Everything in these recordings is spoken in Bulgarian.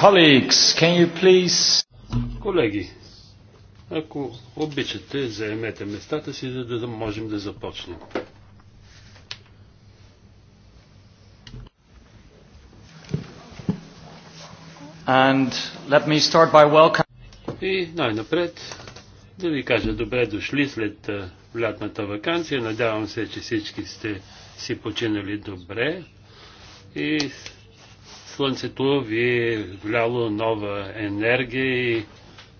Colleagues, can you please... Колеги, ако обичате, заемете местата си, за да можем да започнем. And let me start by welcome... И най-напред да ви кажа добре дошли след лятната вакансия. Надявам се, че всички сте си починали добре. И слънцето ви е вляло нова енергия и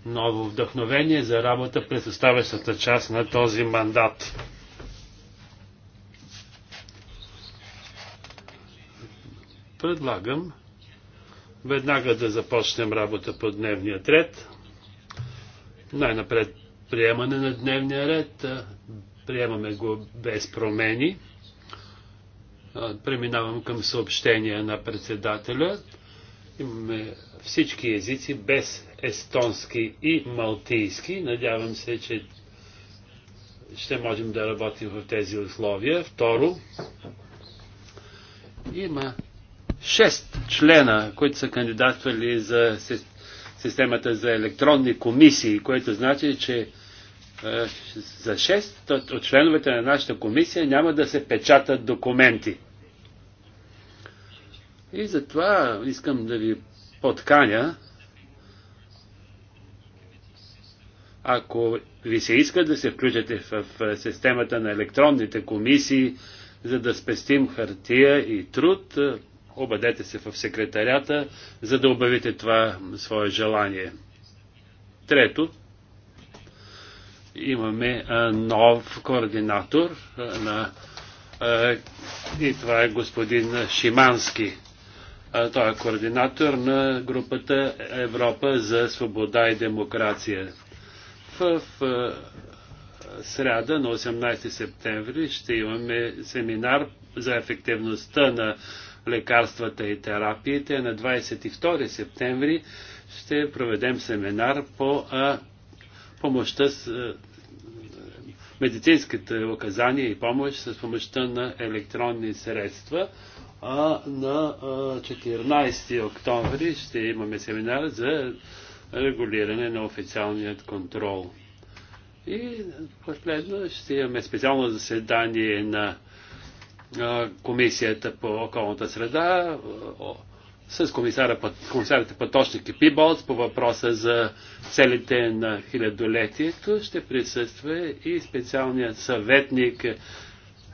ново вдъхновение за работа през оставащата част на този мандат. Предлагам веднага да започнем работа по дневния ред. Най-напред приемане на дневния ред. Приемаме го без промени. Преминавам към съобщения на председателя. Имаме всички езици без естонски и малтийски. Надявам се, че ще можем да работим в тези условия. Второ, има шест члена, които са кандидатствали за системата за електронни комисии, което значи, че за 6 от членовете на нашата комисия няма да се печатат документи. И затова искам да ви подканя, ако ви се иска да се включите в системата на електронните комисии, за да спестим хартия и труд, обадете се в секретарята, за да обявите това свое желание. Трето, имаме нов координатор на и това е господин Шимански. Той е координатор на групата Европа за свобода и демокрация. В сряда на 18 септември ще имаме семинар за ефективността на лекарствата и терапиите. На 22 септември ще проведем семинар по а, помощта с а, медицинските указания и помощ с помощта на електронни средства а на 14 октомври ще имаме семинар за регулиране на официалният контрол. И последно ще имаме специално заседание на Комисията по околната среда с комисарите Паточник и Пиболц по въпроса за целите на хилядолетието ще присъства и специалният съветник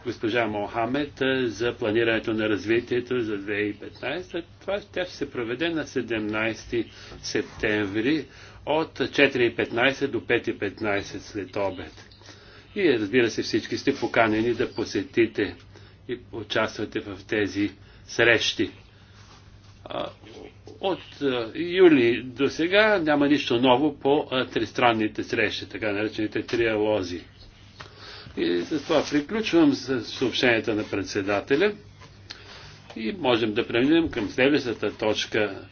госпожа Мохамед е, за планирането на развитието за 2015. Това тя ще се проведе на 17 септември от 4.15 до 5.15 след обед. И разбира се, всички сте поканени да посетите и участвате в тези срещи. От юли до сега няма нищо ново по тристранните срещи, така наречените триалози. И с това приключвам с съобщенията на председателя и можем да преминем към следващата точка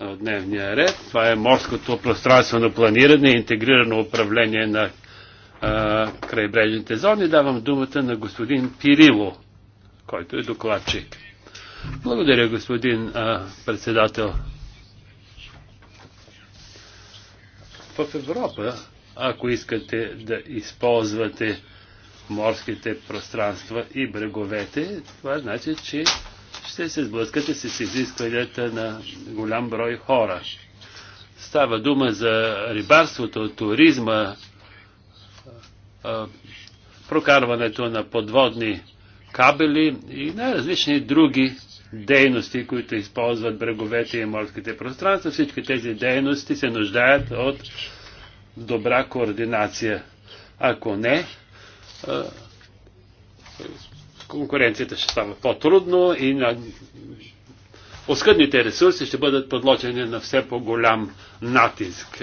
от дневния ред. Това е морското пространствено планиране и интегрирано управление на а, крайбрежните зони. Давам думата на господин Пирило, който е докладчик. Благодаря, господин а, председател. В Европа, ако искате да използвате морските пространства и бреговете, това значи, че ще се сблъскате с изискванията на голям брой хора. Става дума за рибарството, туризма, прокарването на подводни кабели и най-различни други дейности, които използват бреговете и морските пространства. Всички тези дейности се нуждаят от добра координация. Ако не, конкуренцията ще става по-трудно и на оскъдните ресурси ще бъдат подложени на все по-голям натиск.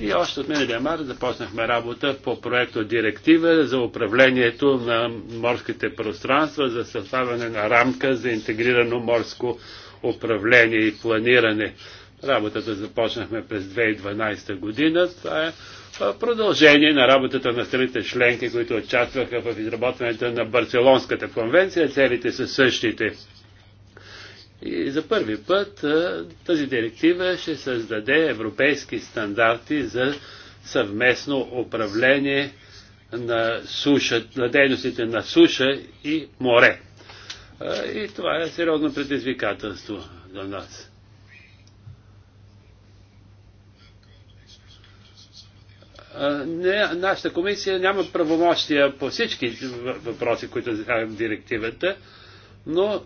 И още от миналия март започнахме работа по проекто директива за управлението на морските пространства, за съставяне на рамка за интегрирано морско управление и планиране. Работата започнахме през 2012 година. Това е продължение на работата на страните членки, които участваха в изработването на Барселонската конвенция. Целите са същите. И за първи път тази директива ще създаде европейски стандарти за съвместно управление на, суша, на дейностите на суша и море. И това е сериозно предизвикателство за нас. не, нашата комисия няма правомощия по всички въпроси, които засягат директивата, но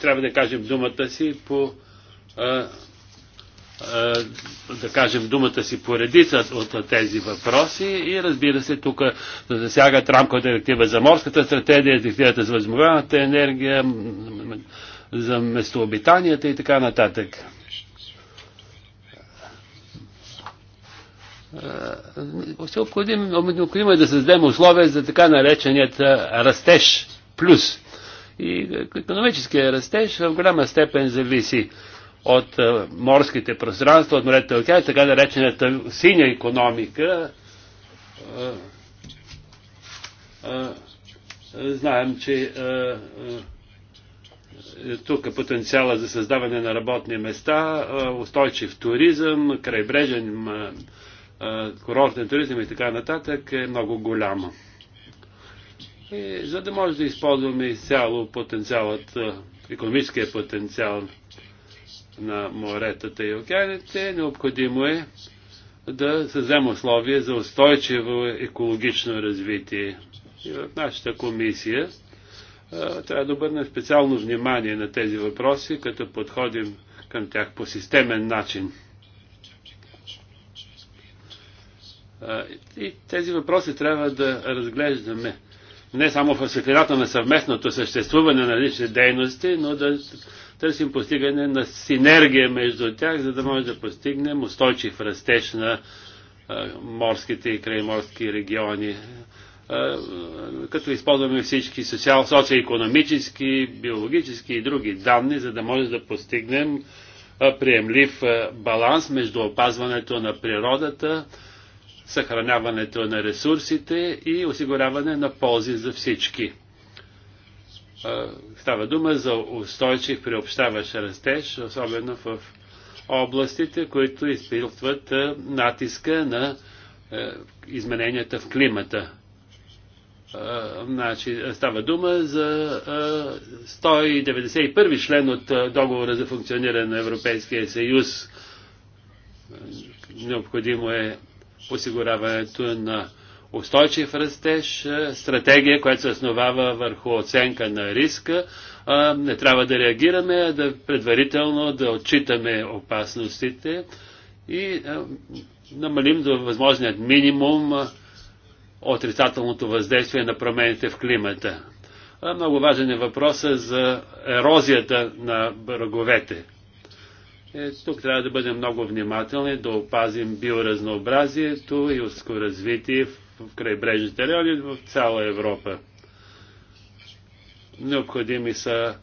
трябва да кажем думата си по да кажем думата си по редица от тези въпроси и разбира се тук да засягат рамка директива за морската стратегия, директивата за възмовяната енергия, за местообитанията и така нататък. Е, необходимо е да създадем условия за така нареченият е, растеж плюс. И е, економическия растеж в голяма степен зависи от морските пространства, от морето и океан, така наречената синя економика. Знаем, че тук е потенциала за създаване на работни места, устойчив туризъм, крайбрежен курортен туризъм и така нататък е много голяма. И, за да може да използваме изцяло потенциалът, економическия потенциал на моретата и океаните, необходимо е да създадем условия за устойчиво екологично развитие. И в нашата комисия трябва да обърнем специално внимание на тези въпроси, като подходим към тях по системен начин. И тези въпроси трябва да разглеждаме не само в светлината на съвместното съществуване на лични дейности, но да търсим постигане на синергия между тях, за да може да постигнем устойчив растеж на морските и крайморски региони, като използваме всички социал, социо-економически, биологически и други данни, за да може да постигнем приемлив баланс между опазването на природата, съхраняването на ресурсите и осигуряване на ползи за всички. Става дума за устойчив приобщаващ растеж, особено в областите, които изпитват натиска на измененията в климата. Значи, става дума за 191 член от договора за функциониране на Европейския съюз. Необходимо е осигуряването на устойчив растеж, е, стратегия, която се основава върху оценка на риска. Е, не трябва да реагираме, а да предварително да отчитаме опасностите и е, намалим до възможният минимум отрицателното въздействие на промените в климата. Много важен е въпросът за ерозията на бреговете. Е, тук трябва да бъдем много внимателни, да опазим биоразнообразието и ускоразвитие в, в крайбрежните райони в цяла Европа. Необходими са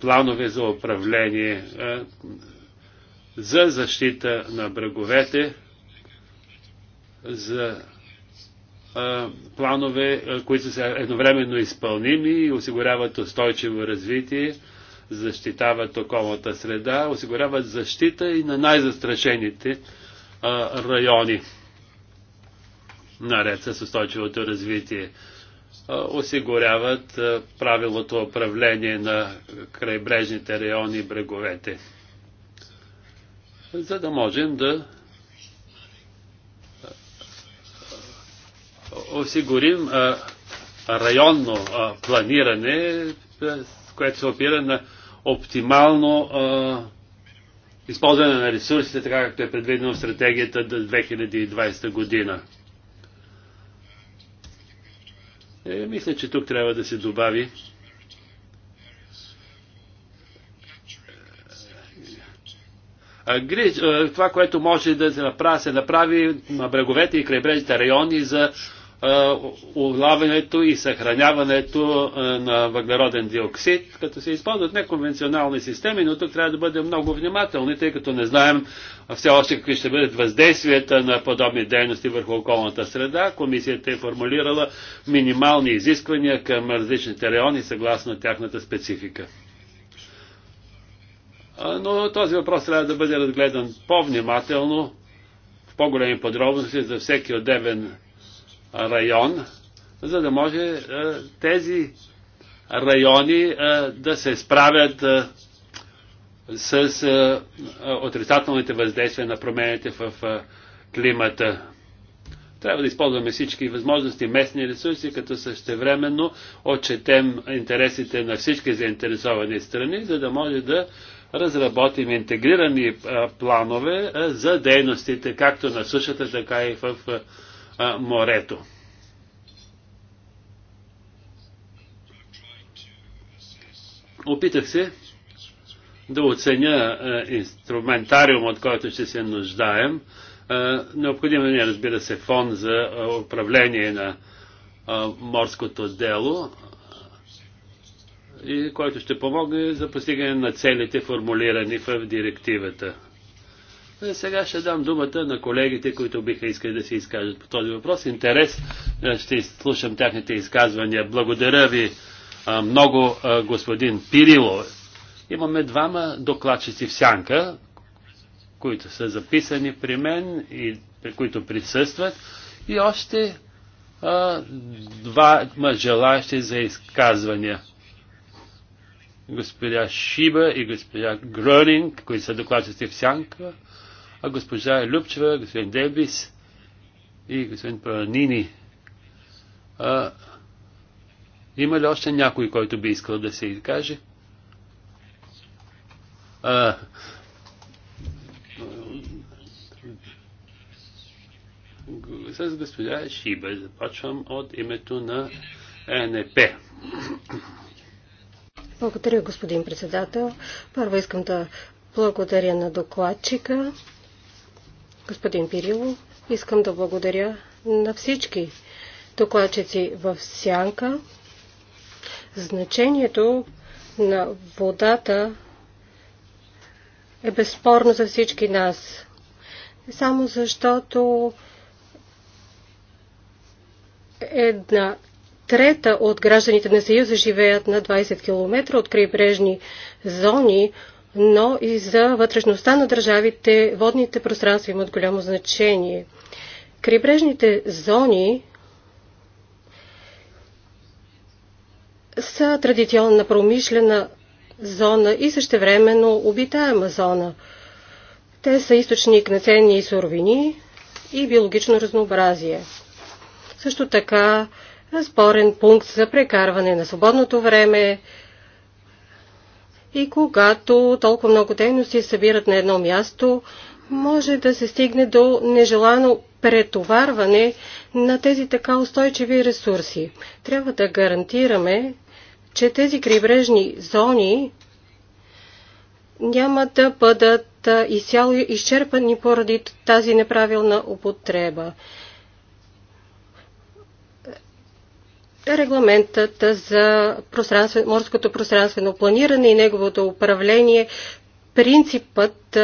планове за управление е, за защита на бреговете, за е, планове, е, които са едновременно изпълними и осигуряват устойчиво развитие защитават околната среда, осигуряват защита и на най-застрашените райони, наред с устойчивото развитие. Осигуряват правилото управление на крайбрежните райони и бреговете, за да можем да осигурим районно планиране, което се опира на оптимално а, използване на ресурсите, така както е предвидено в стратегията до 2020 година. Е, мисля, че тук трябва да се добави това, което може да се направи, се направи на бреговете и крайбрежните райони за улавянето и съхраняването на въглероден диоксид, като се използват неконвенционални системи, но тук трябва да бъдем много внимателни, тъй като не знаем все още какви ще бъдат въздействията на подобни дейности върху околната среда. Комисията е формулирала минимални изисквания към различните райони съгласно тяхната специфика. Но този въпрос трябва да бъде разгледан по-внимателно, в по-големи подробности за всеки отделен район, за да може е, тези райони е, да се справят е, с отрицателните въздействия на промените в климата. Трябва да използваме всички възможности, местни ресурси, като същевременно отчетем интересите на всички заинтересовани страни, за да може да разработим интегрирани планове за дейностите, както на сушата, така и в а, морето. Опитах се да оценя а, инструментариум, от който ще се нуждаем. Необходим, необходимо ни е, разбира се, фон за а, управление на а, морското дело, и който ще помогне за постигане на целите, формулирани в директивата. Сега ще дам думата на колегите, които биха искали да се изкажат по този въпрос. Интерес е, ще слушам тяхните изказвания. Благодаря ви е, много, е, господин Пирило. Имаме двама докладчици в сянка, които са записани при мен и които присъстват. И още а, двама желащи за изказвания. Господя Шиба и господя Грънинг, които са докладчици в сянка а госпожа Любчева, господин Дебис и господин Пранини. А, има ли още някой, който би искал да се изкаже? А, с госпожа Шиба, започвам от името на НП. Благодаря, господин председател. Първо искам да благодаря на докладчика Господин Пирило, искам да благодаря на всички докладчици в сянка. Значението на водата е безспорно за всички нас. Само защото една трета от гражданите на Съюза живеят на 20 км от крайбрежни зони, но и за вътрешността на държавите водните пространства имат голямо значение. Крайбрежните зони са традиционна промишлена зона и същевременно обитаема зона. Те са източник на ценни и суровини и биологично разнообразие. Също така спорен пункт за прекарване на свободното време, и когато толкова много дейности се събират на едно място, може да се стигне до нежелано претоварване на тези така устойчиви ресурси. Трябва да гарантираме, че тези крайбрежни зони няма да бъдат изцяло изчерпани поради тази неправилна употреба. регламентът за пространствен, морското пространствено планиране и неговото управление, принципът,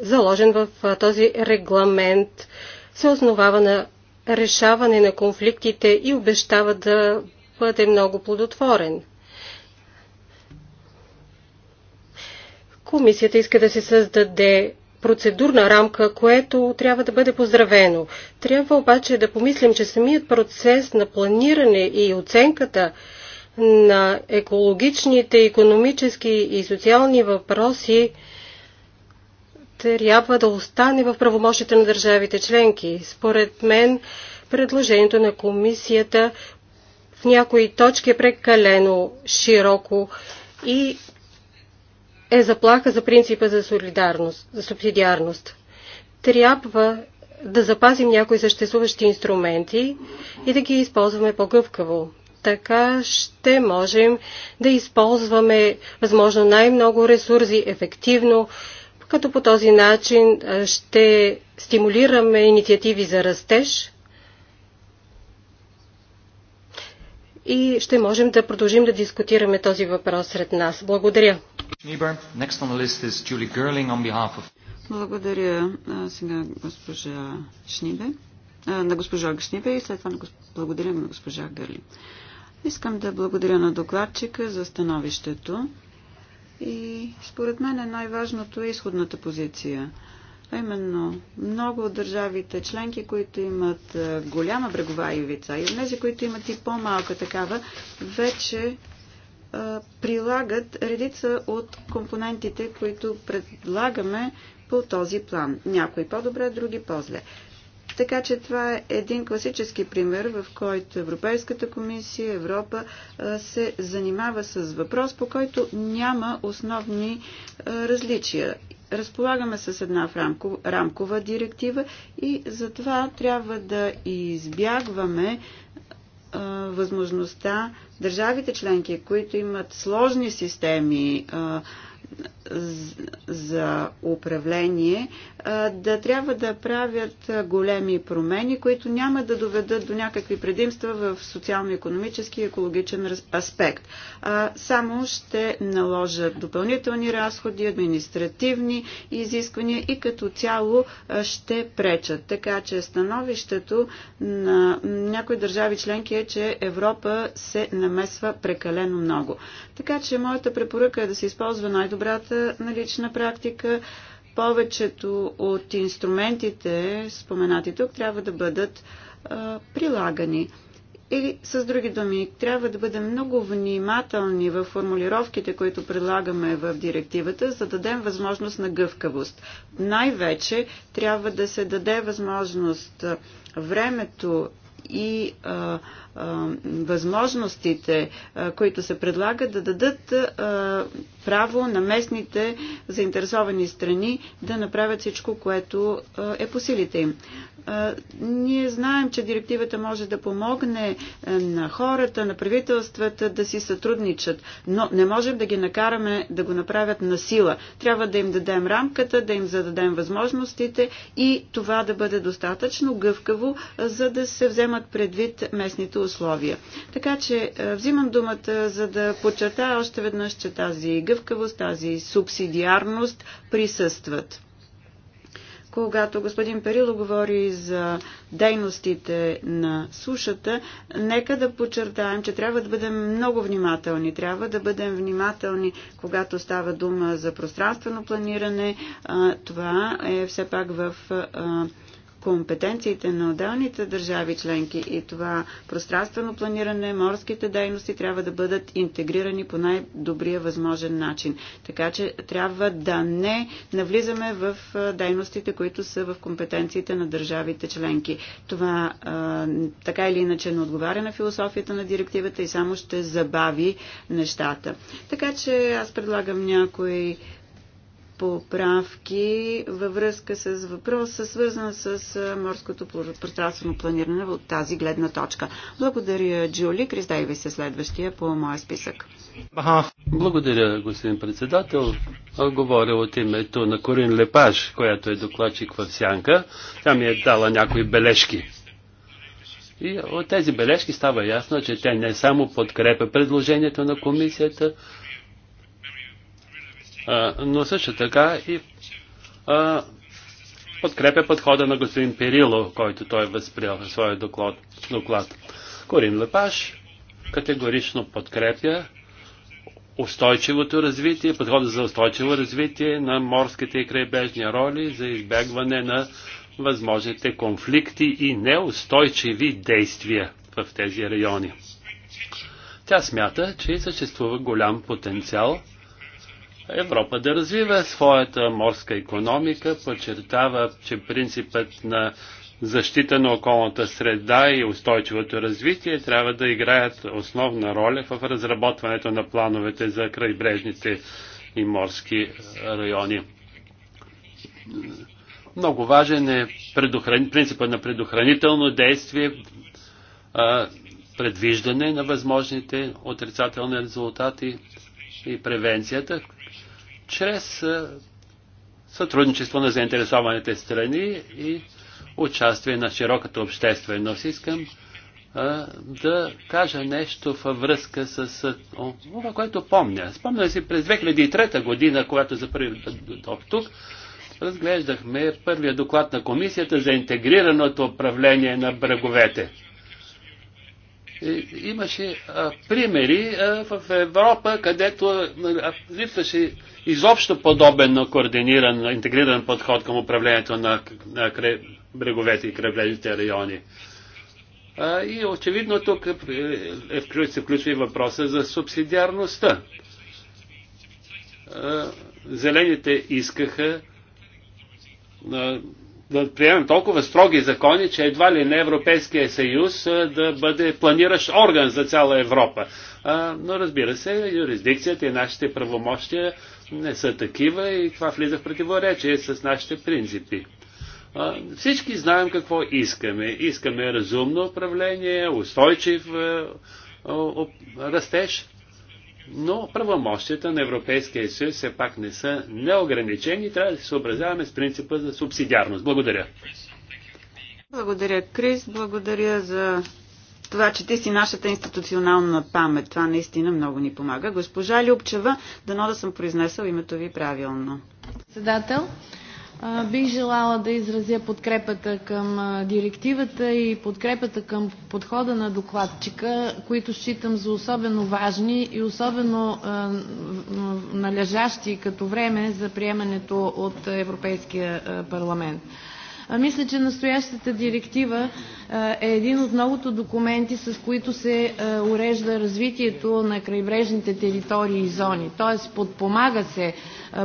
заложен в този регламент, се основава на решаване на конфликтите и обещава да бъде много плодотворен. Комисията иска да се създаде процедурна рамка, което трябва да бъде поздравено. Трябва обаче да помислим, че самият процес на планиране и оценката на екологичните, економически и социални въпроси трябва да остане в правомощите на държавите членки. Според мен, предложението на комисията в някои точки е прекалено широко и е заплаха за принципа за солидарност, за субсидиарност. Трябва да запазим някои съществуващи инструменти и да ги използваме по-гъвкаво. Така ще можем да използваме възможно най-много ресурси ефективно, като по този начин ще стимулираме инициативи за растеж и ще можем да продължим да дискутираме този въпрос сред нас. Благодаря. Благодаря сега госпожа Шнибе, на госпожа Шнибе и след това благодаря на госпожа Гърли. Искам да благодаря на докладчика за становището и според мен е най-важното е изходната позиция – а именно, много от държавите членки, които имат е, голяма брегова ивица и тези, които имат и по-малка такава, вече а, е, прилагат редица от компонентите, които предлагаме по този план. Някои по-добре, други по-зле. Така че това е един класически пример, в който Европейската комисия, Европа е, се занимава с въпрос, по който няма основни различия разполагаме с една рамкова, рамкова директива и затова трябва да избягваме а, възможността държавите членки, които имат сложни системи, а, за управление, да трябва да правят големи промени, които няма да доведат до някакви предимства в социално-економически и екологичен аспект. Само ще наложат допълнителни разходи, административни изисквания и като цяло ще пречат. Така че становището на някои държави членки е, че Европа се намесва прекалено много. Така че моята препоръка е да се използва най-добре добрата налична практика. Повечето от инструментите, споменати тук, трябва да бъдат а, прилагани. Или, с други думи, трябва да бъдем много внимателни в формулировките, които предлагаме в директивата, за да дадем възможност на гъвкавост. Най-вече трябва да се даде възможност времето и а, възможностите, които се предлагат, да дадат право на местните заинтересовани страни да направят всичко, което е по силите им. Ние знаем, че директивата може да помогне е, на хората, на правителствата да си сътрудничат, но не можем да ги накараме да го направят на сила. Трябва да им дадем рамката, да им зададем възможностите и това да бъде достатъчно гъвкаво, за да се вземат предвид местните условия. Така че е, взимам думата, за да подчертая още веднъж, че тази гъвкавост, тази субсидиарност присъстват когато господин Перило говори за дейностите на сушата, нека да подчертаем, че трябва да бъдем много внимателни. Трябва да бъдем внимателни, когато става дума за пространствено планиране. Това е все пак в компетенциите на отделните държави членки и това пространствено планиране, морските дейности трябва да бъдат интегрирани по най-добрия възможен начин. Така че трябва да не навлизаме в дейностите, които са в компетенциите на държавите членки. Това а, така или иначе не отговаря на философията на директивата и само ще забави нещата. Така че аз предлагам някои поправки във връзка с въпроса, свързан с морското пространствено планиране от тази гледна точка. Благодаря, Джули. Криздай ви се следващия по моя списък. Благодаря, господин председател. Говоря от името на Корин Лепаш, която е докладчик в Сянка. Тя ми е дала някои бележки. И от тези бележки става ясно, че тя не само подкрепя предложението на комисията, но също така и подкрепя подхода на господин Перило, който той възприял в своя доклад. доклад. Корин Лепаш категорично подкрепя устойчивото развитие, подхода за устойчиво развитие на морските и крайбежни роли за избягване на възможните конфликти и неустойчиви действия в тези райони. Тя смята, че съществува голям потенциал – Европа да развива своята морска економика, подчертава, че принципът на защита на околната среда и устойчивото развитие трябва да играят основна роля в разработването на плановете за крайбрежните и морски райони. Много важен е предохран... на предохранително действие, предвиждане на възможните отрицателни резултати и превенцията, чрез сътрудничество на заинтересованите страни и участие на широката общественост. Искам а, да кажа нещо във връзка с това, което помня. Спомня си през 2003 година, когато за първи път тук, разглеждахме първия доклад на Комисията за интегрираното управление на бреговете. Имаше а, примери а, в Европа, където липсваше изобщо подобен на координиран, интегриран подход към управлението на, на бреговете и крайбрежните райони. А, и очевидно тук е, е, се включва и въпроса за субсидиарността. А, зелените искаха да приемем толкова строги закони, че едва ли не Европейския съюз да бъде планиращ орган за цяла Европа. Но разбира се, юрисдикцията и нашите правомощия не са такива и това влиза в противоречие с нашите принципи. Всички знаем какво искаме. Искаме разумно управление, устойчив растеж. Но правомощията на Европейския съюз все пак не са неограничени. Трябва да се съобразяваме с принципа за субсидиарност. Благодаря. Благодаря, Крис. Благодаря за това, че ти си нашата институционална памет. Това наистина много ни помага. Госпожа Любчева, дано да съм произнесъл името ви правилно. Председател, Бих желала да изразя подкрепата към директивата и подкрепата към подхода на докладчика, които считам за особено важни и особено належащи като време за приемането от Европейския парламент. Мисля, че настоящата директива е един от многото документи, с които се урежда развитието на крайбрежните територии и зони. Тоест подпомага се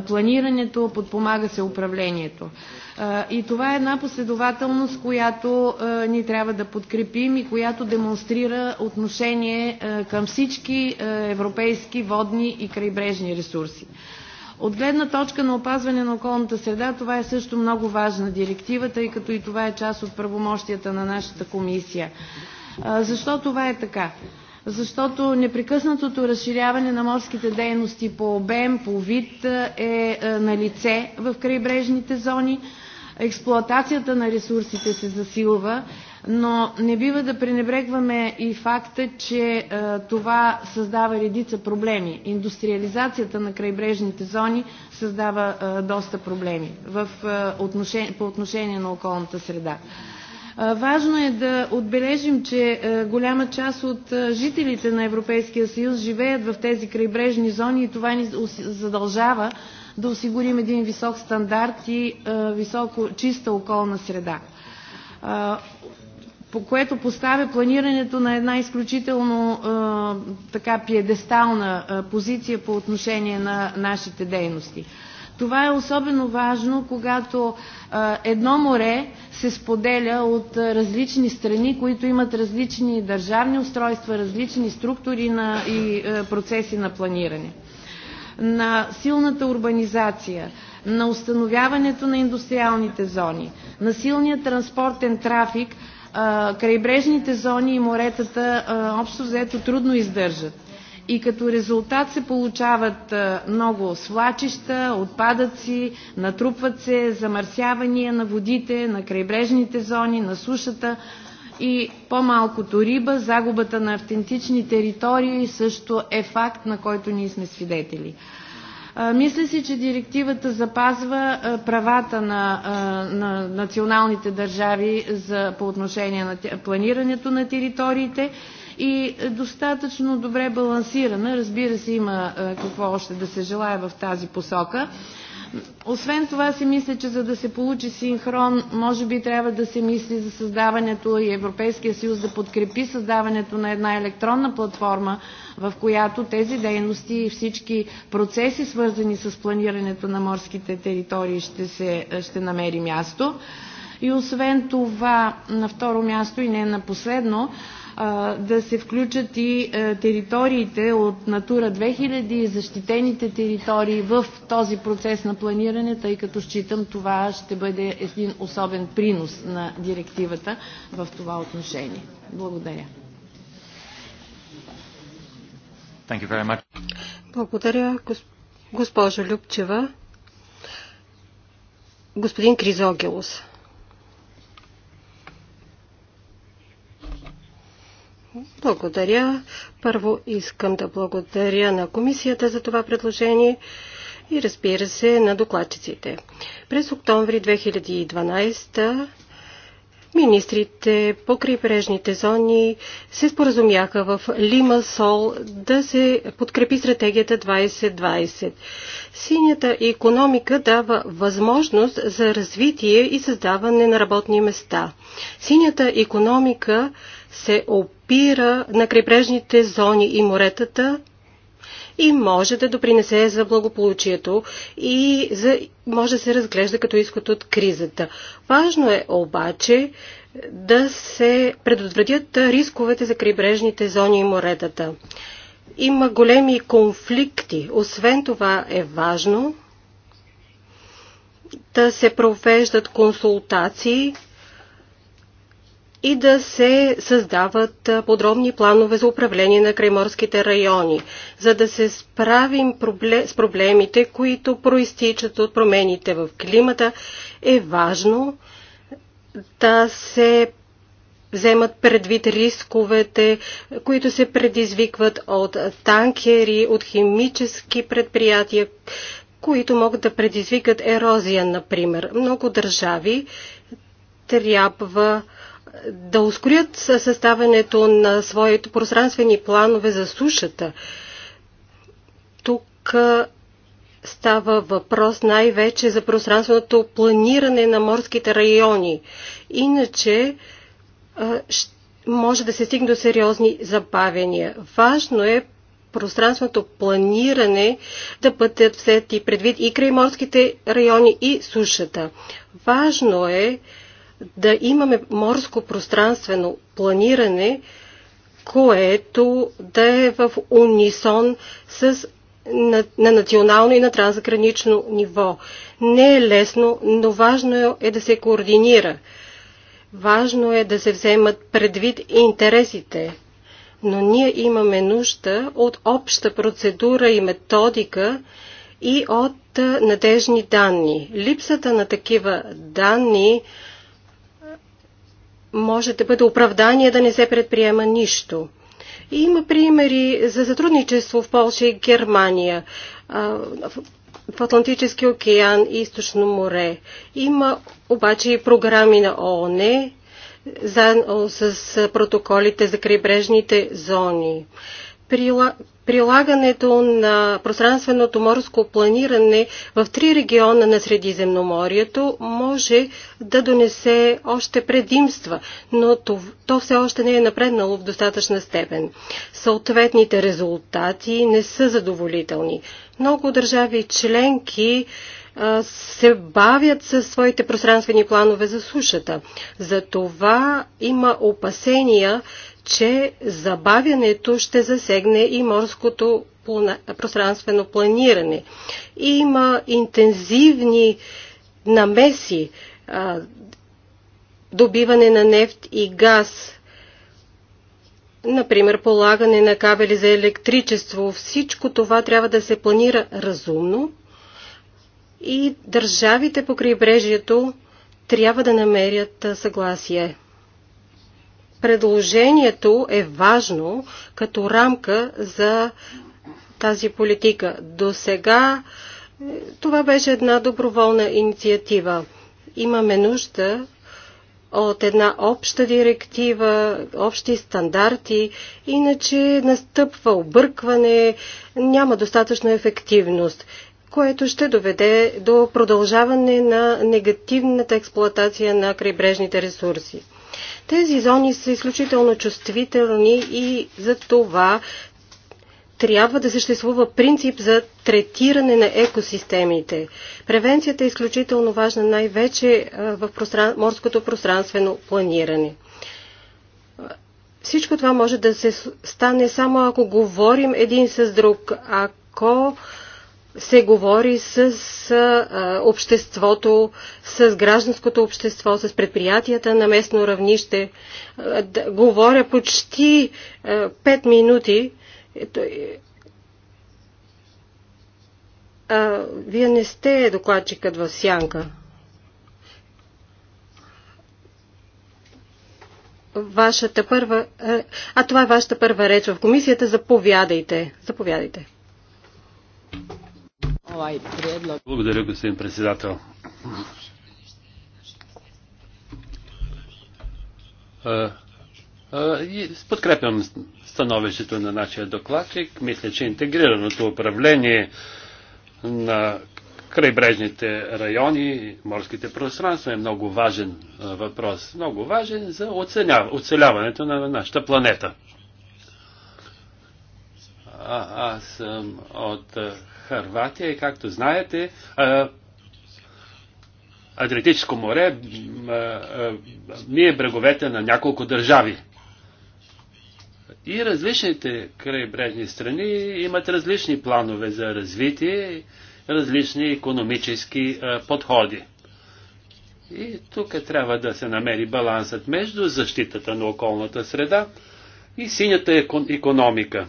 планирането, подпомага се управлението. И това е една последователност, която ни трябва да подкрепим и която демонстрира отношение към всички европейски водни и крайбрежни ресурси. От гледна точка на опазване на околната среда, това е също много важна директива, тъй като и това е част от правомощията на нашата комисия. Защо това е така? защото непрекъснатото разширяване на морските дейности по обем, по вид е, е на лице в крайбрежните зони. Експлоатацията на ресурсите се засилва но не бива да пренебрегваме и факта, че а, е, това създава редица проблеми. Индустриализацията на крайбрежните зони създава а, е, доста проблеми в, а, е, отношение, по отношение на околната среда. Важно е да отбележим, че голяма част от жителите на Европейския съюз живеят в тези крайбрежни зони и това ни задължава да осигурим един висок стандарт и високо чиста околна среда по което поставя планирането на една изключително е, така пиедестална е, позиция по отношение на нашите дейности. Това е особено важно, когато а, едно море се споделя от а, различни страни, които имат различни държавни устройства, различни структури на, и а, процеси на планиране. На силната урбанизация, на установяването на индустриалните зони, на силния транспортен трафик – крайбрежните зони и моретата общо взето трудно издържат. И като резултат се получават много свлачища, отпадъци, натрупват се замърсявания на водите, на крайбрежните зони, на сушата и по-малкото риба, загубата на автентични територии също е факт, на който ние сме свидетели. Мисля си, че директивата запазва правата на, на националните държави за, по отношение на планирането на териториите и достатъчно добре балансирана. Разбира се, има какво още да се желая в тази посока. Освен това си мисля, че за да се получи синхрон, може би трябва да се мисли за създаването и Европейския съюз да подкрепи създаването на една електронна платформа, в която тези дейности и всички процеси, свързани с планирането на морските територии, ще, се, ще намери място. И освен това, на второ място и не на последно, да се включат и е, териториите от Натура 2000 и защитените територии в този процес на планиране, тъй като считам това ще бъде един особен принос на директивата в това отношение. Благодаря. Thank you very much. Благодаря, госпожа Любчева. Господин Кризогелос. Благодаря. Първо искам да благодаря на комисията за това предложение и разбира се на докладчиците. През октомври 2012 министрите по крайбрежните зони се споразумяха в Лима Сол да се подкрепи стратегията 2020. Синята економика дава възможност за развитие и създаване на работни места. Синята економика се опитва опира на крайбрежните зони и моретата и може да допринесе за благополучието и за, може да се разглежда като изход от кризата. Важно е обаче да се предотвратят рисковете за крайбрежните зони и моретата. Има големи конфликти. Освен това е важно да се провеждат консултации и да се създават подробни планове за управление на крайморските райони, за да се справим с проблемите, които проистичат от промените в климата, е важно да се вземат предвид рисковете, които се предизвикват от танкери, от химически предприятия, които могат да предизвикат ерозия, например. Много държави трябва да ускорят съставянето на своите пространствени планове за сушата. Тук става въпрос най-вече за пространственото планиране на морските райони. Иначе може да се стигне до сериозни забавения. Важно е пространственото планиране да пътят взети предвид и крайморските райони и сушата. Важно е да имаме морско пространствено планиране, което да е в унисон с на, на национално и на трансгранично ниво. Не е лесно, но важно е да се координира. Важно е да се вземат предвид интересите. Но ние имаме нужда от обща процедура и методика и от надежни данни. Липсата на такива данни може да бъде оправдание да не се предприема нищо. И има примери за сътрудничество в Польша и Германия, в Атлантически океан и Източно море. Има обаче и програми на ООН, заедно с протоколите за крайбрежните зони прилагането на пространственото морско планиране в три региона на Средиземноморието може да донесе още предимства, но то, то все още не е напреднало в достатъчна степен. Съответните резултати не са задоволителни. Много държави членки се бавят със своите пространствени планове за сушата. За това има опасения, че забавянето ще засегне и морското пространствено планиране. Има интензивни намеси, добиване на нефт и газ, например полагане на кабели за електричество. Всичко това трябва да се планира разумно и държавите по крайбрежието трябва да намерят съгласие предложението е важно като рамка за тази политика. До сега е, това беше една доброволна инициатива. Имаме нужда от една обща директива, общи стандарти, иначе настъпва объркване, няма достатъчно ефективност, което ще доведе до продължаване на негативната експлоатация на крайбрежните ресурси. Тези зони са изключително чувствителни и за това трябва да съществува принцип за третиране на екосистемите. Превенцията е изключително важна най-вече в простран... морското пространствено планиране. Всичко това може да се стане само ако говорим един с друг, ако се говори с а, обществото, с гражданското общество, с предприятията на местно равнище. А, да, говоря почти а, 5 минути. Ето, а, вие не сте докладчикът в сянка. Вашата първа. А, а това е вашата първа реч в комисията. Заповядайте. Заповядайте ovaj prijedlog. Благодаря, господин председател. Подкрепям становището на нашия докладчик. Мисля, че интегрираното управление на крайбрежните райони, морските пространства е много важен въпрос. Много важен за оцеляването на нашата планета аз съм от Харватия и както знаете, Адриатическо море мие бреговете на няколко държави. И различните крайбрежни страни имат различни планове за развитие, различни економически подходи. И тук трябва да се намери балансът между защитата на околната среда и синята економика.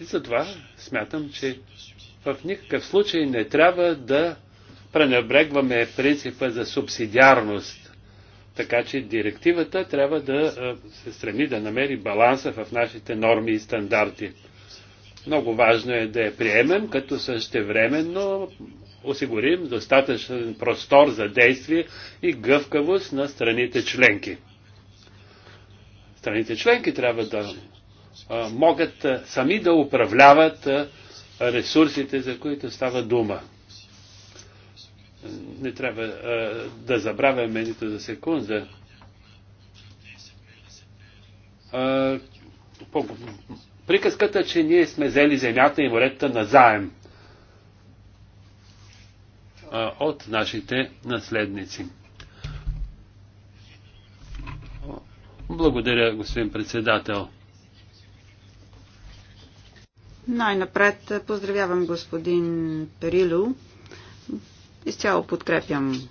И затова смятам, че в никакъв случай не трябва да пренебрегваме принципа за субсидиарност. Така че директивата трябва да се стреми да намери баланса в нашите норми и стандарти. Много важно е да я приемем, като същевременно осигурим достатъчен простор за действие и гъвкавост на страните членки. Страните членки трябва да могат сами да управляват ресурсите, за които става дума. Не трябва да забравяме нито за секунда приказката, че ние сме взели земята и морета на заем от нашите наследници. Благодаря, господин председател. Най-напред поздравявам господин Перилю. Изцяло подкрепям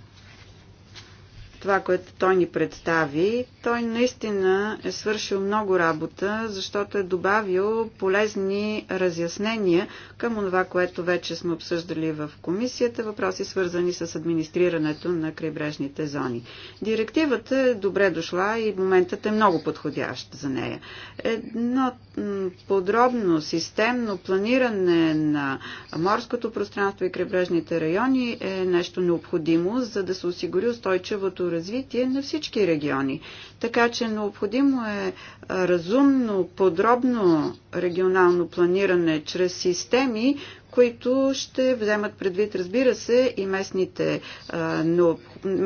това, което той ни представи. Той наистина е свършил много работа, защото е добавил полезни разяснения към това, което вече сме обсъждали в комисията, въпроси свързани с администрирането на крайбрежните зони. Директивата е добре дошла и моментът е много подходящ за нея. Едно подробно, системно планиране на морското пространство и крайбрежните райони е нещо необходимо, за да се осигури устойчивото развитие на всички региони. Така че необходимо е разумно, подробно регионално планиране чрез системи, които ще вземат предвид, разбира се, и местните, но,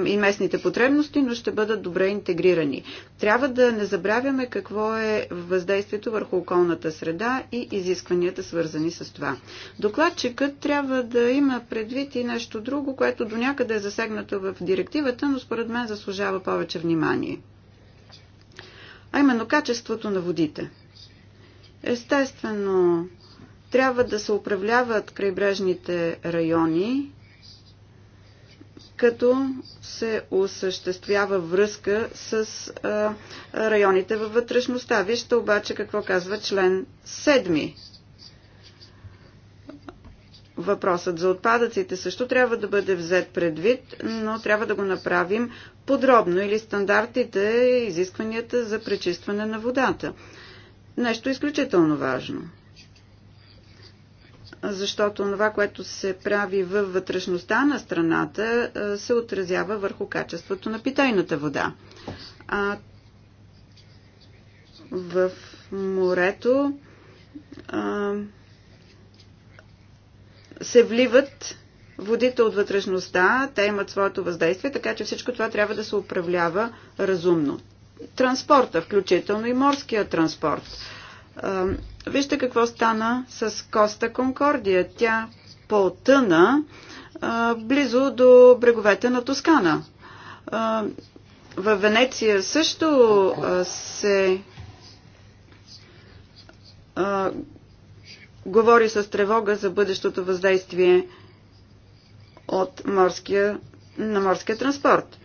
и местните потребности, но ще бъдат добре интегрирани. Трябва да не забравяме какво е въздействието върху околната среда и изискванията свързани с това. Докладчикът трябва да има предвид и нещо друго, което до някъде е засегнато в директивата, но според мен заслужава повече внимание. А именно качеството на водите. Естествено, трябва да се управляват крайбрежните райони, като се осъществява връзка с а, районите във вътрешността. Вижте обаче какво казва член 7. Въпросът за отпадъците също трябва да бъде взет предвид, но трябва да го направим подробно или стандартите, изискванията за пречистване на водата. Нещо изключително важно защото това, което се прави във вътрешността на страната, се отразява върху качеството на питайната вода. А в морето а, се вливат водите от вътрешността, те имат своето въздействие, така че всичко това трябва да се управлява разумно. Транспорта, включително и морския транспорт Вижте какво стана с Коста Конкордия. Тя потъна близо до бреговете на Тоскана. В Венеция също се говори с тревога за бъдещото въздействие от морския, на морския транспорт.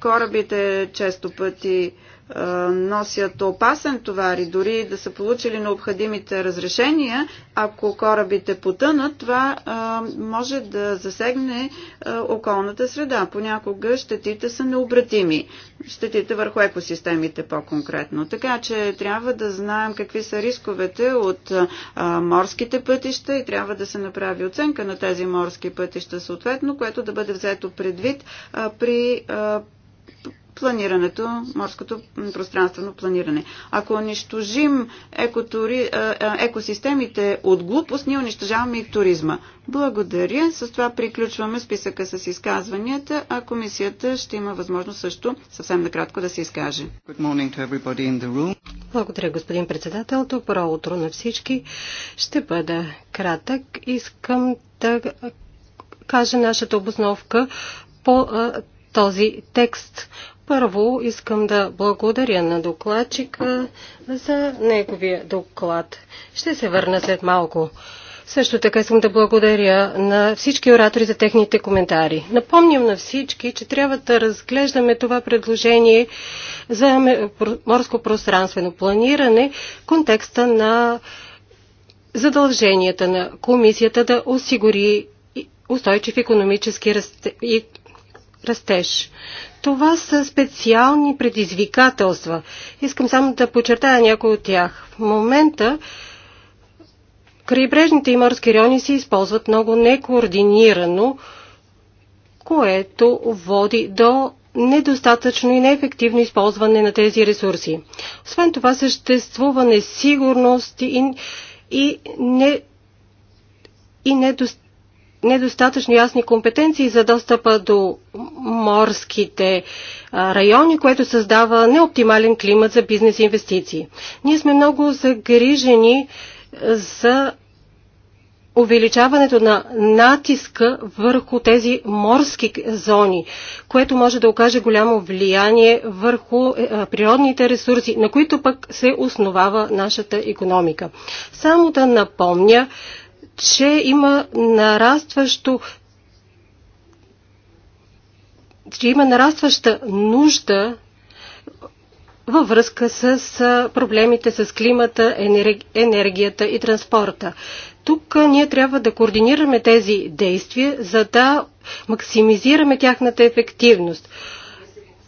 Корабите често пъти е, носят опасен товар и дори да са получили необходимите разрешения, ако корабите потънат, това е, може да засегне е, околната среда. Понякога щетите са необратими. Щетите върху екосистемите по-конкретно. Така че трябва да знаем какви са рисковете от морските пътища и трябва да се направи оценка на тези морски пътища съответно, което да бъде взето предвид при планирането, морското пространствено планиране. Ако унищожим екотури, екосистемите от глупост, ние унищожаваме и туризма. Благодаря. С това приключваме списъка с изказванията, а комисията ще има възможност също съвсем накратко да се изкаже. Благодаря, господин председател. Добро утро на всички. Ще бъда кратък. Искам да кажа нашата обосновка по този текст първо искам да благодаря на докладчика за неговия доклад. Ще се върна след малко. Също така искам да благодаря на всички оратори за техните коментари. Напомням на всички, че трябва да разглеждаме това предложение за морско пространствено планиране в контекста на задълженията на комисията да осигури устойчив економически растеж. Това са специални предизвикателства. Искам само да подчертая някои от тях. В момента крайбрежните и морски райони се използват много некоординирано, което води до недостатъчно и неефективно използване на тези ресурси. Освен това съществува несигурност и, и, не, и недостатъчно недостатъчно ясни компетенции за достъпа до морските райони, което създава неоптимален климат за бизнес инвестиции. Ние сме много загрижени за увеличаването на натиска върху тези морски зони, което може да окаже голямо влияние върху е, природните ресурси, на които пък се основава нашата економика. Само да напомня, че има нарастващо че има нарастваща нужда във връзка с проблемите с климата, енергията и транспорта. Тук ние трябва да координираме тези действия, за да максимизираме тяхната ефективност.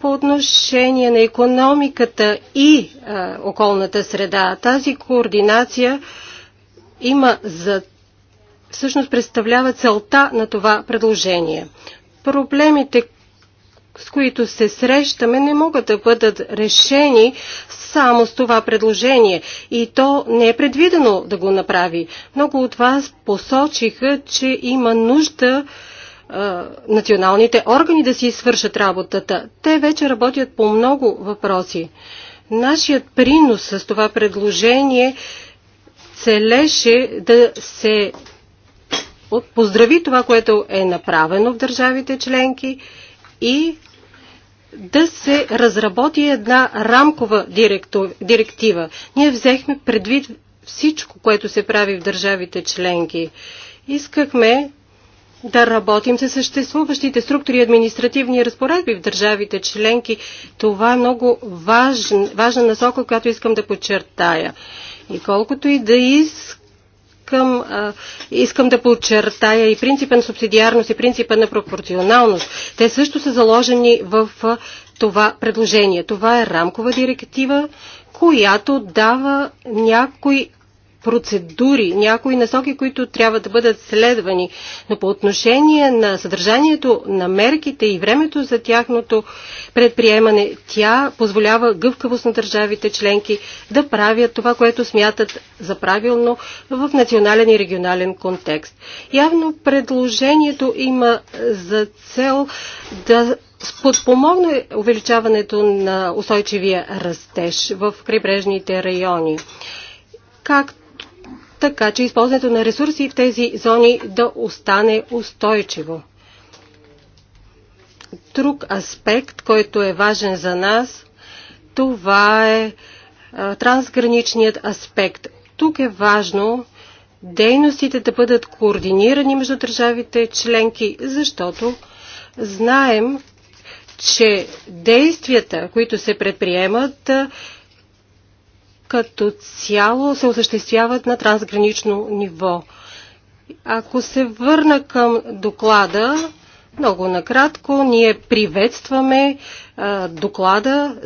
По отношение на економиката и а, околната среда, тази координация има за всъщност представлява целта на това предложение. Проблемите, с които се срещаме, не могат да бъдат решени само с това предложение. И то не е предвидено да го направи. Много от вас посочиха, че има нужда е, националните органи да си свършат работата. Те вече работят по много въпроси. Нашият принос с това предложение целеше да се поздрави това, което е направено в държавите членки и да се разработи една рамкова директива. Ние взехме предвид всичко, което се прави в държавите членки. Искахме да работим с съществуващите структури и административни разпоредби в държавите членки. Това е много важна, важна насока, която искам да подчертая. И колкото и да искам, искам, а, искам да подчертая и принципа на субсидиарност и принципа на пропорционалност. Те също са заложени в а, това предложение. Това е рамкова директива, която дава някои процедури, някои насоки, които трябва да бъдат следвани. Но по отношение на съдържанието на мерките и времето за тяхното предприемане, тя позволява гъвкавост на държавите членки да правят това, което смятат за правилно в национален и регионален контекст. Явно предложението има за цел да подпомогне увеличаването на устойчивия растеж в крайбрежните райони. Както така че използването на ресурси в тези зони да остане устойчиво. Друг аспект, който е важен за нас, това е трансграничният аспект. Тук е важно дейностите да бъдат координирани между държавите членки, защото знаем, че действията, които се предприемат, като цяло се осъществяват на трансгранично ниво. Ако се върна към доклада, много накратко, ние приветстваме а, доклада,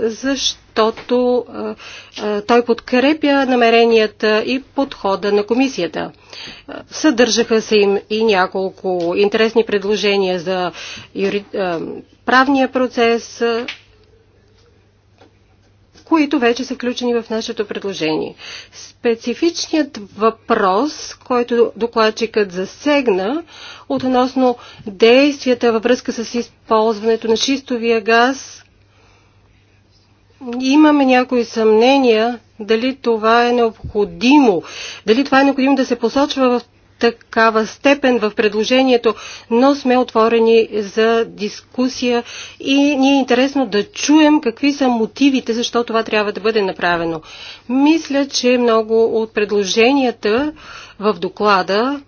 защото а, а, той подкрепя намеренията и подхода на комисията. Съдържаха се им и няколко интересни предложения за юри... правния процес, които вече са включени в нашето предложение. Специфичният въпрос, който докладчикът засегна относно действията във връзка с използването на шистовия газ, имаме някои съмнения дали това е необходимо, дали това е необходимо да се посочва в такава степен в предложението, но сме отворени за дискусия и ни е интересно да чуем какви са мотивите, защо това трябва да бъде направено. Мисля, че много от предложенията в доклада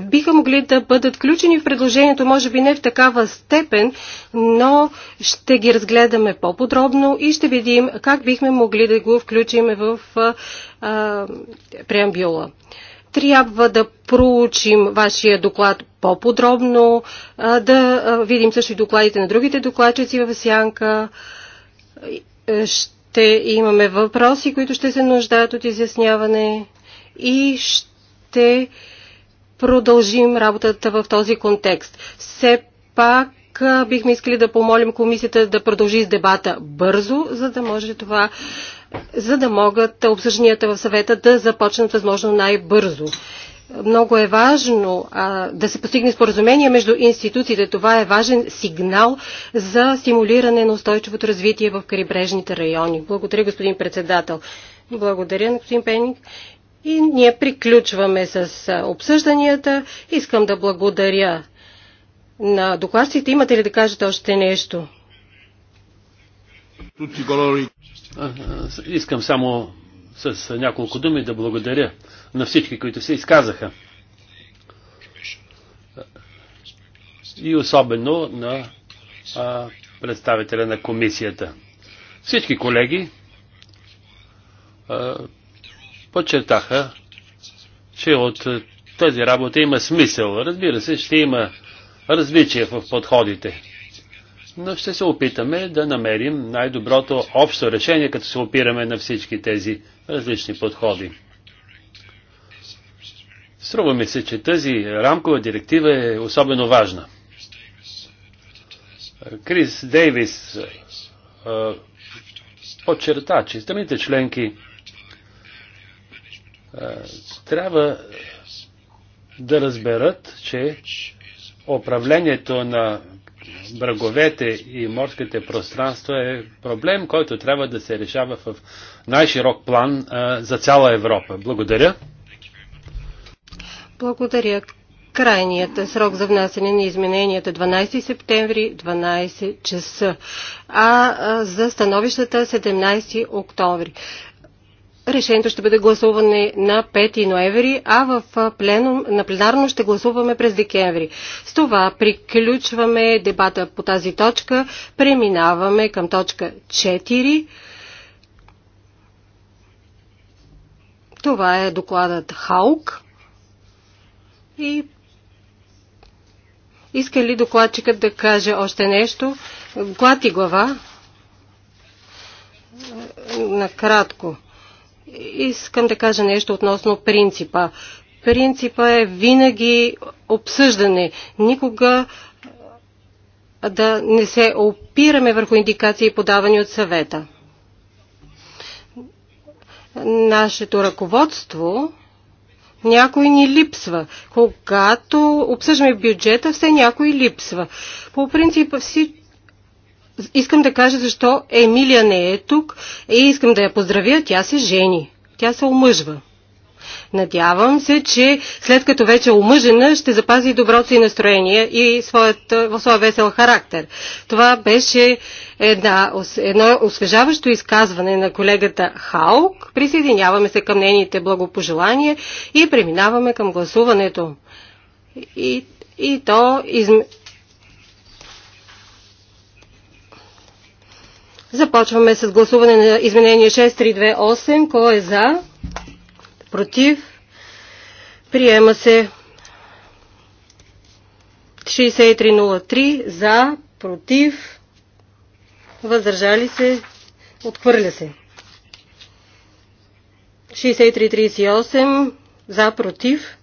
биха могли да бъдат включени в предложението, може би не в такава степен, но ще ги разгледаме по-подробно и ще видим как бихме могли да го включим в а, преамбюла. Трябва да проучим вашия доклад по-подробно, да видим също и докладите на другите докладчици в Сянка. Ще имаме въпроси, които ще се нуждаят от изясняване и ще продължим работата в този контекст. Все пак бихме искали да помолим комисията да продължи с дебата бързо, за да може това за да могат обсъжданията в съвета да започнат възможно най-бързо. Много е важно а, да се постигне споразумение между институциите. Това е важен сигнал за стимулиране на устойчивото развитие в крайбрежните райони. Благодаря, господин председател. Благодаря, господин Пеник. И ние приключваме с обсъжданията. Искам да благодаря на докладците. Имате ли да кажете още нещо? Искам само с няколко думи да благодаря на всички, които се изказаха. И особено на представителя на комисията. Всички колеги подчертаха, че от е, тази работа има смисъл. Разбира се, ще има различия в подходите. Но ще се опитаме да намерим най-доброто общо решение, като се опираме на всички тези различни подходи. Струва ми се, че тази рамкова директива е особено важна. Крис Дейвис е, подчерта, че страните членки е, трябва да разберат, че управлението на браговете и морските пространства е проблем, който трябва да се решава в най-широк план е, за цяла Европа. Благодаря. Благодаря. Крайният срок за внасяне на измененията 12 е септември 12 часа, а за становищата 17 октомври решението ще бъде гласуване на 5 ноември, а в пленум, на пленарно ще гласуваме през декември. С това приключваме дебата по тази точка. Преминаваме към точка 4. Това е докладът Хаук. И иска ли докладчикът да каже още нещо? Глад и глава. Накратко. Искам да кажа нещо относно принципа. Принципа е винаги обсъждане. Никога да не се опираме върху индикации, подавани от съвета. Нашето ръководство някой ни липсва. Когато обсъждаме бюджета, все някой липсва. По принцип, всички искам да кажа защо Емилия не е тук и искам да я поздравя. Тя се жени. Тя се омъжва. Надявам се, че след като вече е омъжена, ще запази доброто си настроение и своят, е, в своя весел характер. Това беше една, едно освежаващо изказване на колегата Хаук. Присъединяваме се към нейните благопожелания и преминаваме към гласуването. И, и то изм... Започваме с гласуване на изменение 6328. Кой е за? Против? Приема се 6303. За? Против? Въздържали се? Отхвърля се. 6338. За? Против?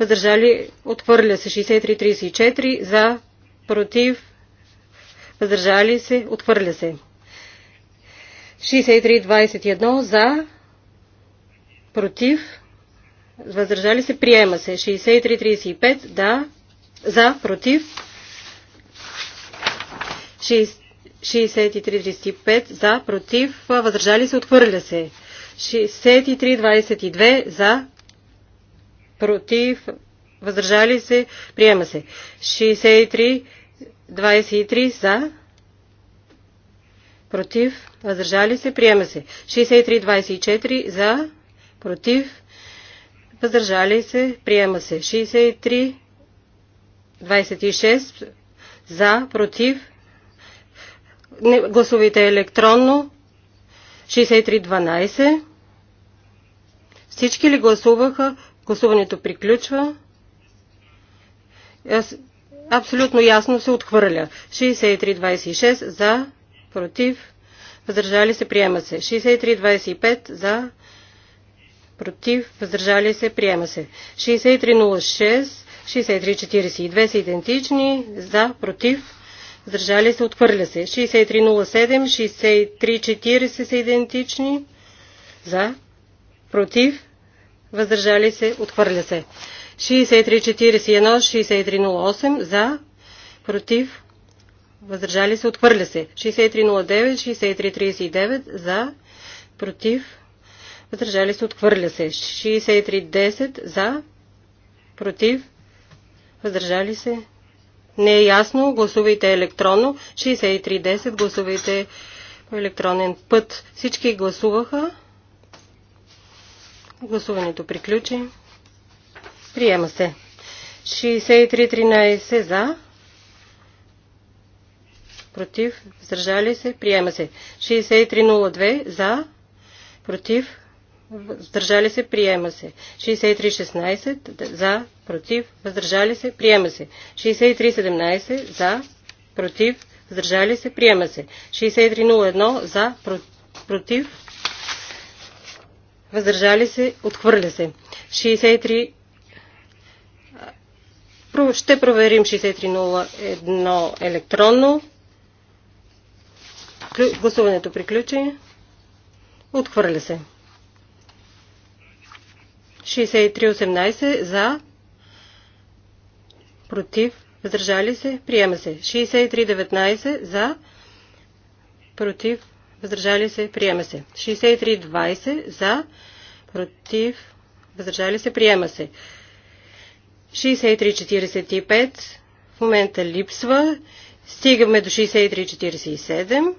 Въздържали? Отхвърля се. 6334. За? Против? въздържали се, отвърля се. 63-21 за, против, въздържали се, приема се. 63-35 да, за, против. 63-35 за, против, въздържали се, отхвърля се. 63-22 за, против, въздържали се, приема се. 63 23 за, против, въздържали се, приема се. 63-24 за, против, въздържали се, приема се. 63-26 за, против, гласувайте електронно. 63-12. Всички ли гласуваха? Гласуването приключва абсолютно ясно се отхвърля. 63-26 за, против, въздържали се, приема се. 63-25 за, против, въздържали се, приема се. 63-06, 63-42 са идентични, за, против, въздържали се, отхвърля се. 63-07, 63-40 са идентични, за, против, въздържали се, отхвърля се. 6341, 6308 за, против, въздържали се, отхвърля се. 6309, 6339 за, против, въздържали се, отхвърля се. 6310 за, против, въздържали се. Не е ясно, гласувайте електронно. 6310 гласувайте по електронен път. Всички гласуваха. Гласуването приключи. Приема се. 63-13 за. Против. Въздържали се. Приема се. 63-02 за. Против. Въздържали се. Приема се. 63-16 за. Против. Въздържали се. Приема се. 63-17 за. Против. Въздържали се. Приема се. 63-01 за. Против. Въздържали се. Отхвърля се. 63 ще проверим 6301 електронно. Гласуването приключи. Отхвърля се. 6318 за. Против. Въздържали се. Приема се. 6319 за. Против. Въздържали се. Приема се. 6320 за. Против. Въздържали се. Приема се. 63.45 в момента липсва. Стигаме до 63.47.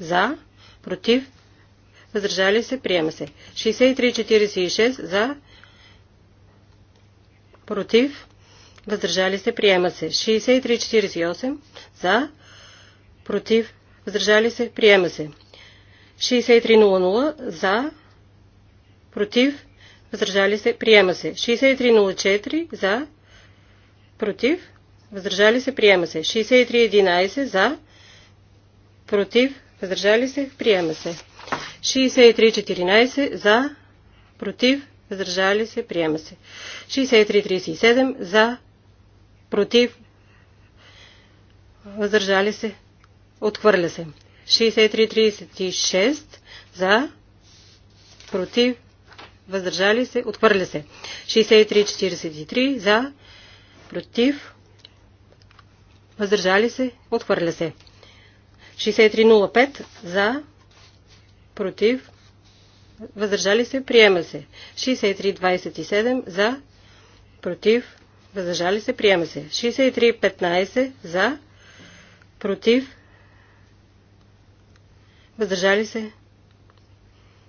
За. Против. Въздържали се. Приема се. 63.46. За. Против. Въздържали се. Приема се. 63.48. За. Против. Въздържали се. Приема се. 63.00. За. Против въздържали се, приема се. 6304 за, против, въздържали се, приема се. 6311 за, против, въздържали се, приема се. 6314 за, против, въздържали се, приема се. 6337 за, против, въздържали се, отхвърля се. 6336 за, против, въздържали се, отхвърля се. 63-43 за, против, въздържали се, отхвърля се. 63-05 за, против, въздържали се, приема се. 63-27 за, против, въздържали се, приема се. 63-15 за, против, въздържали се,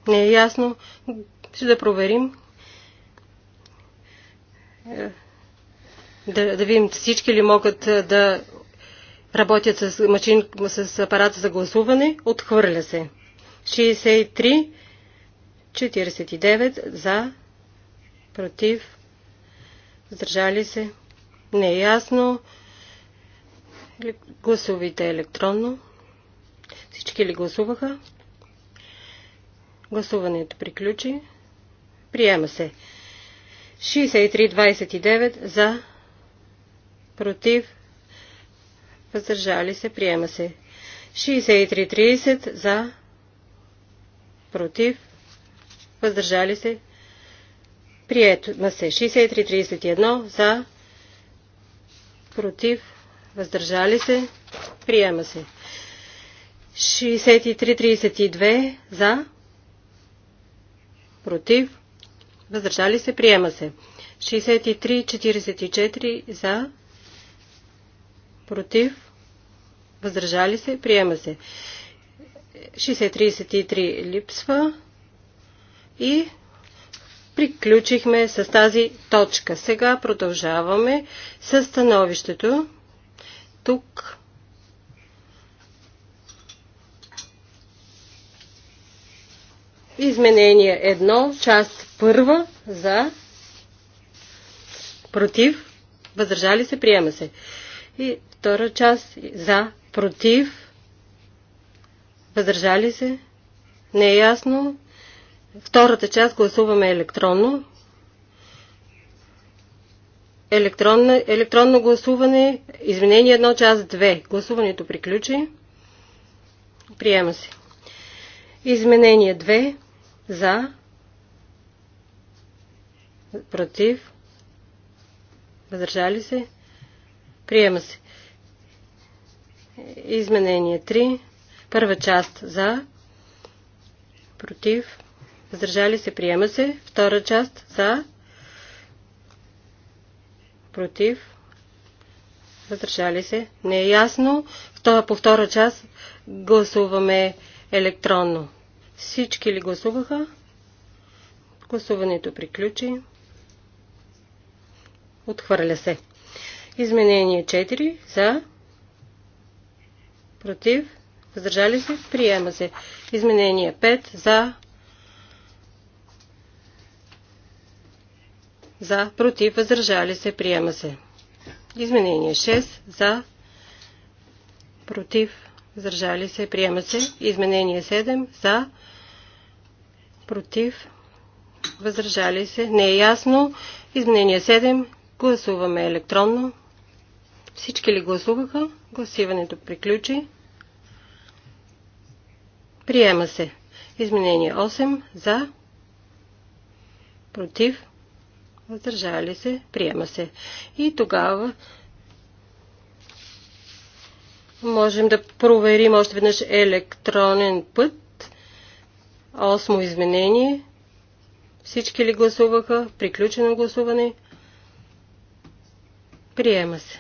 не е ясно. Ще да проверим. Е, да, да видим всички ли могат е, да работят с, машин, с апарата за гласуване. Отхвърля се. 63, 49 за, против, въздържали се. Не е ясно. Гласувайте електронно. Всички ли гласуваха? Гласуването приключи. Приема се. 63-29 за. Против. Въздържали се. Приема се. 63-30 за. Против. Въздържали се. Приема се. 63-31 за. Против. Въздържали се. Приема се. 63-32 за. Против. Въздържали се, приема се. 63-44 за, против, въздържали се, приема се. 63 33 липсва и приключихме с тази точка. Сега продължаваме с становището. Тук Изменение 1, част 1 за, против, въздържали се, приема се. И втора част за, против, въздържали се, не е ясно. Втората част гласуваме електронно. Електронно, електронно гласуване, изменение 1, част 2. Гласуването приключи. Приема се. Изменение 2. За. Против. Въздържали се. Приема се. Изменение 3. Първа част за. Против. Въздържали се. Приема се. Втора част за. Против. Въздържали се. Не е ясно. По втора част гласуваме електронно. Всички ли гласуваха? Гласуването приключи. Отхвърля се. Изменение 4. За. Против. Въздържали се. Приема се. Изменение 5. За. За. Против. Въздържали се. Приема се. Изменение 6. За. Против. Въздържали се. Приема се. Изменение 7. За. Против против, въздържали се, не е ясно. Изменение 7, гласуваме електронно. Всички ли гласуваха? Гласиването приключи. Приема се. Изменение 8, за, против, въздържали се, приема се. И тогава можем да проверим още веднъж електронен път Осмо изменение. Всички ли гласуваха? Приключено гласуване. Приема се.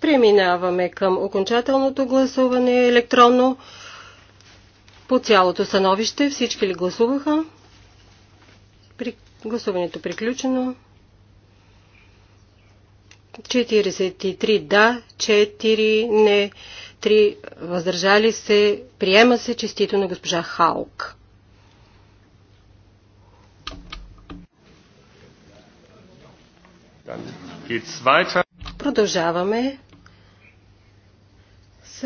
Преминаваме към окончателното гласуване електронно. По цялото становище всички ли гласуваха? При... Гласуването приключено. 43 да, 4 не. Три въздържали се, приема се честито на госпожа Халк. Продължаваме с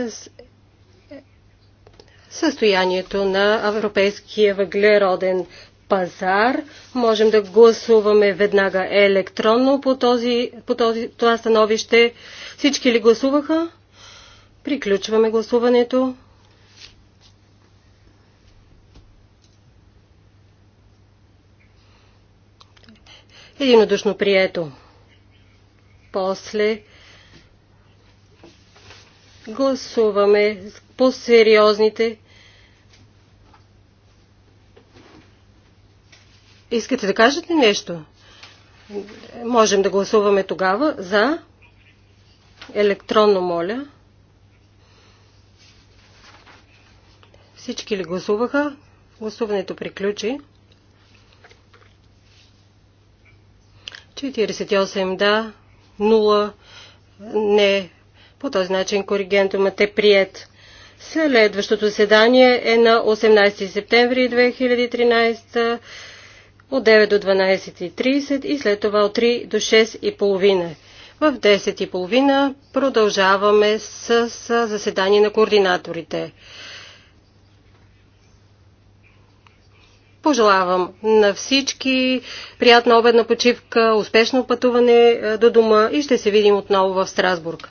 е, състоянието на европейския въглероден пазар. Можем да гласуваме веднага електронно по, този, по този, това становище. Всички ли гласуваха? Приключваме гласуването. Единодушно прието. После гласуваме по сериозните. Искате да кажете нещо? Можем да гласуваме тогава за електронно моля. Всички ли гласуваха? Гласуването приключи. 48 да, 0 не. По този начин коригентумът е прият. Следващото заседание е на 18 септември 2013 от 9 до 12.30 и след това от 3 до 6.30. В 10.30 продължаваме с заседание на координаторите. Пожелавам на всички приятна обедна почивка, успешно пътуване е, до дома и ще се видим отново в Страсбург.